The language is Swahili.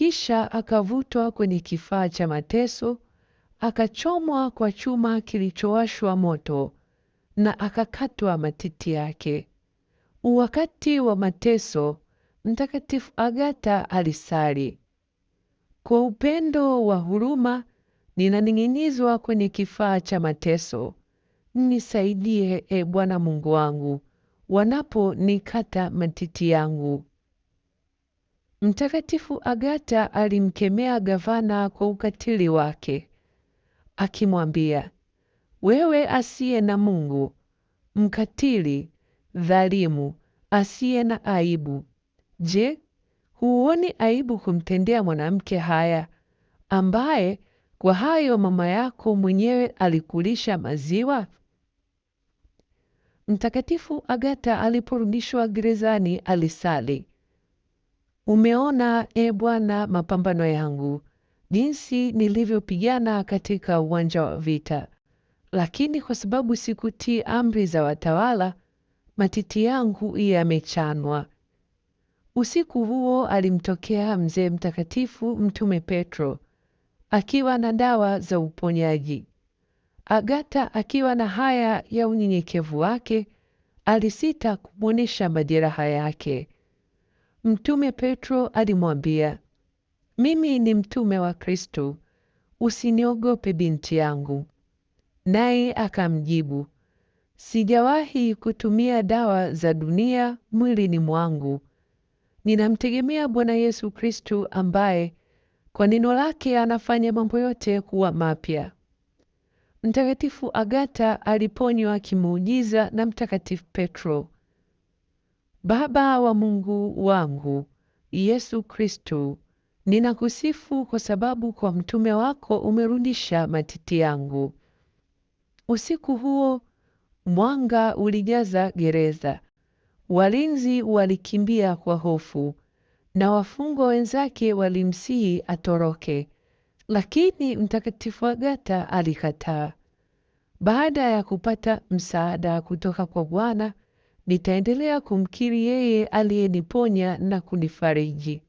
Kisha akavutwa kwenye kifaa cha mateso, akachomwa kwa chuma kilichowashwa moto na akakatwa matiti yake. Wakati wa mateso, Mtakatifu Agata alisali, kwa upendo wa huruma ninaning'inizwa kwenye kifaa cha mateso, nisaidie, e Bwana Mungu wangu, wanaponikata matiti yangu. Mtakatifu Agata alimkemea gavana kwa ukatili wake, akimwambia, wewe asiye na Mungu, mkatili, dhalimu, asiye na aibu, je, huoni aibu kumtendea mwanamke haya, ambaye kwa hayo mama yako mwenyewe alikulisha maziwa? Mtakatifu Agata aliporudishwa gerezani alisali Umeona e Bwana mapambano yangu, jinsi nilivyopigana katika uwanja wa vita. Lakini kwa sababu sikutii amri za watawala, matiti yangu yamechanwa. Usiku huo alimtokea mzee mtakatifu Mtume Petro akiwa na dawa za uponyaji. Agata akiwa na haya ya unyenyekevu wake, alisita kumwonyesha majeraha yake. Mtume Petro alimwambia, mimi ni mtume wa Kristo, usiniogope binti yangu. Naye akamjibu, sijawahi kutumia dawa za dunia mwilini mwangu. Ninamtegemea Bwana Yesu Kristo ambaye kwa neno lake anafanya mambo yote kuwa mapya. Mtakatifu Agata aliponywa kimuujiza na Mtakatifu Petro. Baba wa Mungu wangu Yesu Kristo, ninakusifu kwa sababu kwa mtume wako umerudisha matiti yangu. Usiku huo mwanga ulijaza gereza, walinzi walikimbia kwa hofu, na wafungwa wenzake walimsihi atoroke, lakini Mtakatifu Agata alikataa. Baada ya kupata msaada kutoka kwa Bwana Nitaendelea kumkiri yeye aliyeniponya na kunifariji.